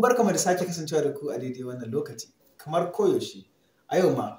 Barkamu da sake kasancewa da ku a daidai wannan lokaci, kamar koyaushe, a yau ma.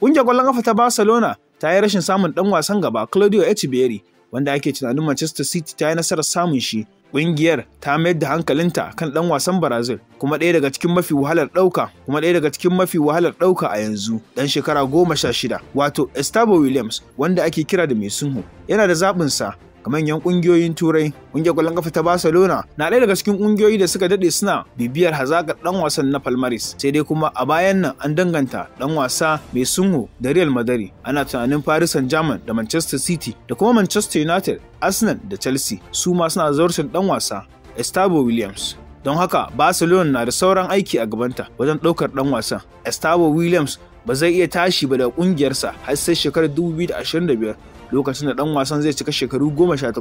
Ƙungiyar ƙwallon ƙafa ta Barcelona ta yi rashin samun ɗan wasan gaba Claudio Echeverri, wanda ake tunanin Manchester City ta yi nasarar samun shi. Ƙungiyar ta mayar da hankalinta kan ɗan wasan Brazil, kuma ɗaya daga cikin mafi wahalar ɗauka, kuma ɗaya daga cikin mafi wahalar ɗauka a yanzu, ɗan shekara goma sha shida, wato Estabo Williams, wanda ake kira da mai sunhu, yana da zaɓinsa ga manyan kungiyoyin turai kungiyar kwallon kafa ta barcelona na ɗaya daga cikin kungiyoyi da suka daɗe suna bibiyar hazakar ɗan wasan na palmares sai dai kuma a bayan nan an danganta ɗan wasa mai sunho da real madari ana tunanin paris saint German da manchester city da kuma manchester united arsenal da chelsea su ma suna zaurcin ɗan wasa estabo williams don haka barcelona na da sauran aiki a gabanta wajen ɗaukar ɗan wasan estabo williams ba zai iya tashi ba da kungiyarsa har sai shekarar 2025 lokacin da dan wasan zai cika shekaru 18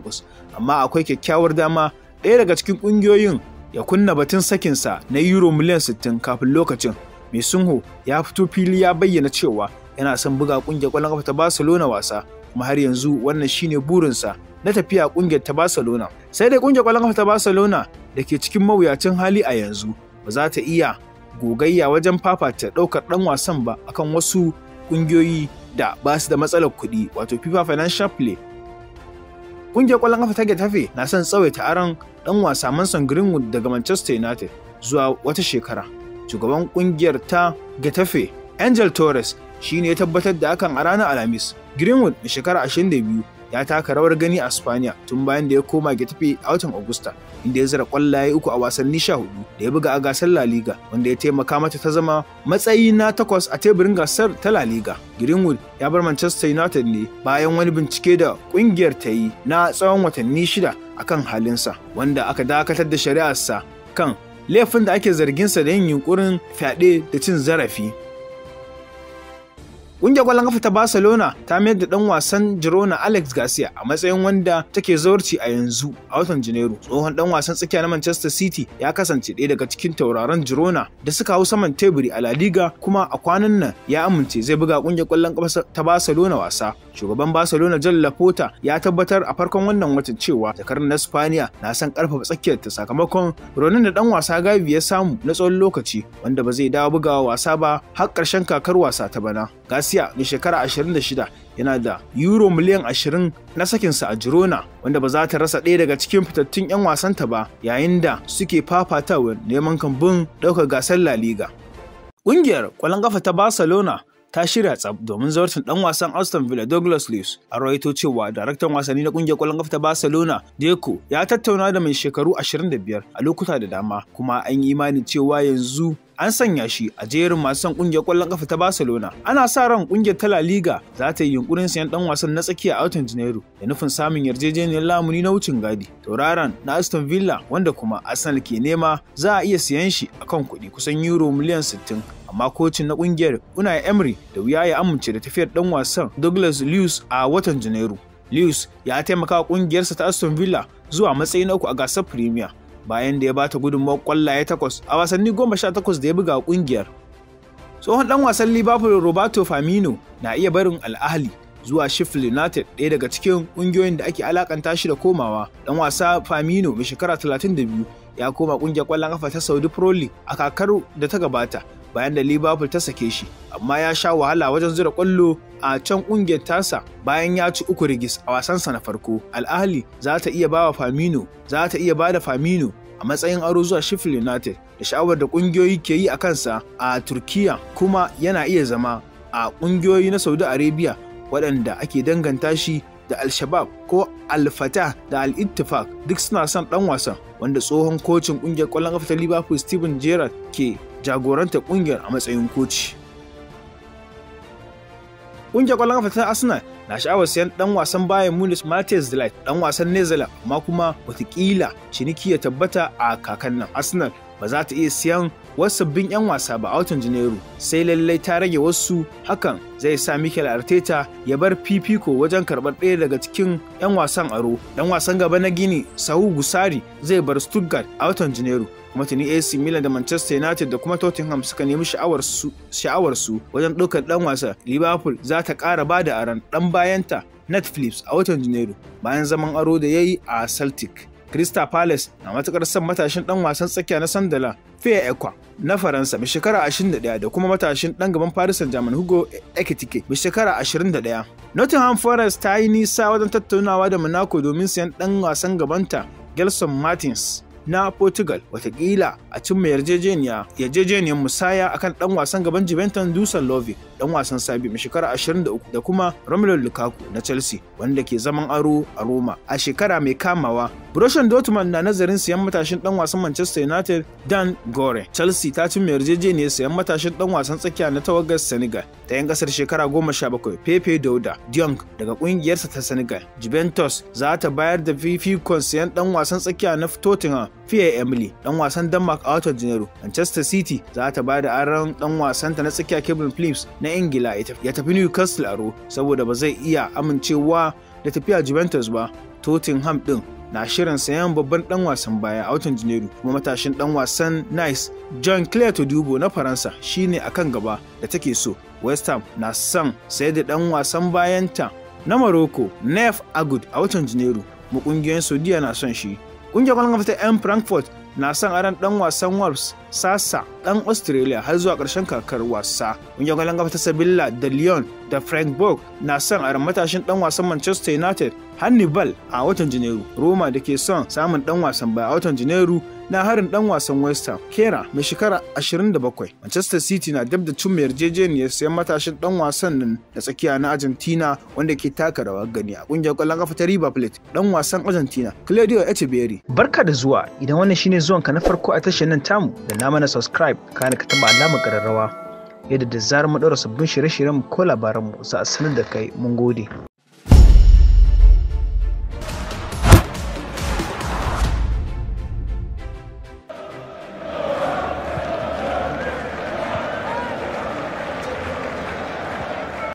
amma akwai kyakkyawar dama ɗaya daga cikin kungiyoyin ya kunna batun sakinsa na euro miliyan 60 kafin lokacin mai sunho ya fito fili ya bayyana cewa yana son buga kungiyar kwallon kafa ta barcelona wasa kuma har yanzu wannan shine burinsa na tafiya kungiyar ta barcelona sai dai kungiyar kwallon kafa ta barcelona da ke cikin mawuyacin hali a yanzu ba za ta iya gogayya wajen fafata ɗaukar ɗan wasan ba akan wasu ƙungiyoyi da ba su da matsalar kuɗi wato FIFA Financial Play. Ƙungiyar ƙwallon ƙafa ta Getafe na son tsawaita aron ɗan wasa Manson Greenwood daga Manchester United zuwa wata shekara. Shugaban ƙungiyar ta Getafe, Angel Torres, shi ne ya tabbatar da hakan a ranar Alhamis. Greenwood, mai shekara 22, ya taka rawar gani a Spaniya tun bayan da ya koma Getafe a watan Agusta inda ya zira kwallaye uku a wasanni sha hudu da ya buga a gasar La Liga wanda ya taimaka mata ta zama matsayi na takwas a teburin gasar ta La Liga. Greenwood ya bar Manchester United ne bayan wani bincike da kungiyar ta yi na tsawon watanni shida akan halinsa wanda aka dakatar da shari'arsa kan laifin da ake zarginsa da yin yunkurin fyaɗe da cin zarafi Ƙungiyar ƙwallon kafa ta Barcelona ta mayar da ɗan wasan Girona Alex Garcia a matsayin wanda take zawarci a yanzu a watan Janairu. Tsohon ɗan wasan tsakiya na Manchester City ya kasance ɗaya daga cikin tauraron Girona da suka hau saman teburi a La Liga kuma a kwanan nan ya amince zai buga ƙungiyar ƙwallon kafa ta Barcelona wasa. Shugaban Barcelona John Laporta ya tabbatar a farkon wannan watan cewa jakar na Spaniya na son ƙarfafa tsakiyar ta sakamakon ronin da ɗan wasa Gavi ya samu na tsawon lokaci wanda ba zai dawo bugawa wasa ba har ƙarshen kakar wasa ta bana. Garcia mai shekara 26 yana da euro miliyan 20 na sakinsa a Girona wanda ba za ta rasa ɗaya daga cikin fitattun 'yan wasanta ba yayin da suke fafatawar neman kambun ɗaukar gasar La Liga. Ƙungiyar ƙwallon ƙafa ta Barcelona ta shirya tsab domin zawarcin ɗan wasan Aston Villa Douglas Lewis, A rawaito cewa daraktan wasanni na ƙungiyar ƙwallon ƙafa ta Barcelona, Deco, ya tattauna da mai shekaru 25 a lokuta da dama, kuma an yi imanin cewa yanzu an sanya shi a jerin masu son kungiyar kwallon kafa ta Barcelona. Ana sa ran kungiyar ta La Liga za ta yi yunkurin sayan dan wasan na tsakiya a watan Janairu da nufin samun yarjejeniyar lamuni na wucin gadi. Tauraron na Aston Villa wanda kuma Arsenal ke nema za a iya siyan shi a kan kuɗi kusan euro miliyan 60 amma kocin na kungiyar Unai Emery da wuya ya amince da tafiyar dan wasan Douglas Lewis a watan Janairu. Lewis ya taimaka ƙungiyarsa kungiyarsa ta Aston Villa zuwa matsayin na uku a gasar Premier bayan da ya bata gudunmawar kwallaye takwas a wasanni goma sha takwas da ya buga ƙungiyar. Tsohon ɗan wasan Liverpool Roberto Firmino na iya barin al'ahali zuwa Sheffield United ɗaya daga cikin ƙungiyoyin da ake alakanta shi da komawa. Ɗan wasa Firmino mai shekara 32 ya koma ƙungiyar ƙwallon ƙafa ta Saudi Pro League a kakar da ta gabata bayan da Liverpool ta sake shi, amma ya sha wahala wajen zura ƙwallo a can ƙungiyar tasa bayan ya ci uku rigis a wasansa na farko. Al'ahli za ta iya ba wa Firmino, za ta iya ba da Firmino a matsayin aro zuwa Sheffield United da sha'awar da ƙungiyoyi ke yi a kansa a turkiyya kuma yana iya zama a ƙungiyoyi na Saudi Arabia waɗanda ake danganta shi da Al-Shabab ko Al-Fatah da Al-Ittifaq duk suna son ɗan wasan wanda tsohon kocin ƙungiyar ƙwallon ƙafa ta Liverpool Steven Gerrard ke jagorantar ƙungiyar a matsayin koci. Ƙungiyar ƙwallon kafa ta Arsenal na sha'awar siyan ɗan wasan Bayern Munich Matthias Delight ɗan wasan Netherlands, amma kuma watakila ciniki ya tabbata a kakan nan Arsenal ba za ta iya siyan wasu sabbin 'yan wasa ba a watan Janairu sai lallai ta rage wasu hakan zai sa Mikel Arteta ya bar fifiko wajen karɓar ɗaya daga cikin 'yan wasan aro. Ɗan wasan gaba na Gini Sahu Gusari zai bar Stuttgart a watan Janairu kuma tuni AC Milan da Manchester United da kuma Tottenham suka nemi sha'awar su sha'awar su wajen ɗaukar ɗan wasa Liverpool za ta ƙara ba da aron ɗan bayanta Netflix a watan Janairu bayan zaman aro da ya yi a Celtic. Crystal Palace na matukar son matashin dan wasan tsakiya na Sandala Fair Ekwa na Faransa mai shekara 21 da kuma matashin dan gaban Paris Saint-Germain Hugo Ekitike mai shekara 21. Nottingham Forest ta yi nisa wajen tattaunawa da Monaco domin sayan ɗan wasan gabanta Gelson Martins na Portugal watakila a cimma yarjejeniya yarjejeniyar musaya akan dan wasan gaban Juventus Dusan Lovic dan wasan Sabi mai shekara 23 da kuma Romelu Lukaku na Chelsea wanda ke zaman aro a Roma a shekara mai kamawa. Borussia Dortmund na nazarin siyan matashin dan wasan Manchester United Dan Gore. Chelsea ta ci mai ne sayan matashin dan wasan tsakiya na tawagar Senegal ta yan kasar shekara 17 Pepe Dauda Dionk daga kungiyarsa ta Senegal. Juventus za ta bayar da fifikon sayan dan wasan tsakiya na Tottenham fiye Emily dan wasan Denmark a watan Janairu. Manchester City za ta bayar da aron dan wasan ta na tsakiya Kevin Phillips na na ingila ya tafi newcastle aro saboda ba zai iya amincewa da tafiya juventus ba tottenham din na shirin sayan babban dan wasan baya a watan janairu kuma matashin dan wasan nice john claire dubo na faransa shine akan gaba da take so west ham na son sayar da dan wasan bayanta na morocco nef agud a watan janairu mu kungiyoyin saudiya na son shi Ƙungiyar ƙwallon kafa ta 'yan Frankfurt na son aran ɗan wasan Wolves Sasa ɗan Australia har zuwa ƙarshen kakar wasa. Ƙungiyar ƙwallon kafa ta Sevilla da Lyon da frank Frankfurt na son aran matashin ɗan wasan Manchester United Hannibal a watan Janairu, Roma da ke son samun dan wasan baya a watan Janairu na harin dan wasan West Ham, Kera, mai shekara 27. Manchester City na dab da cin yarjejeniyar sayan matashin dan wasan nan da tsakiya na Argentina wanda ke taka rawar gani a kungiyar kwallon kafa ta River Plate, dan wasan Argentina, Claudio Echeverri. Barka da zuwa, idan wannan shine zuwan ka na farko a tashar nan tamu, da na mana subscribe, kana ka taba alamar kararrawa. Yadda da zarar mu daura sabbin shirye-shiryen mu ko labaran mu za a sanar da kai mun gode.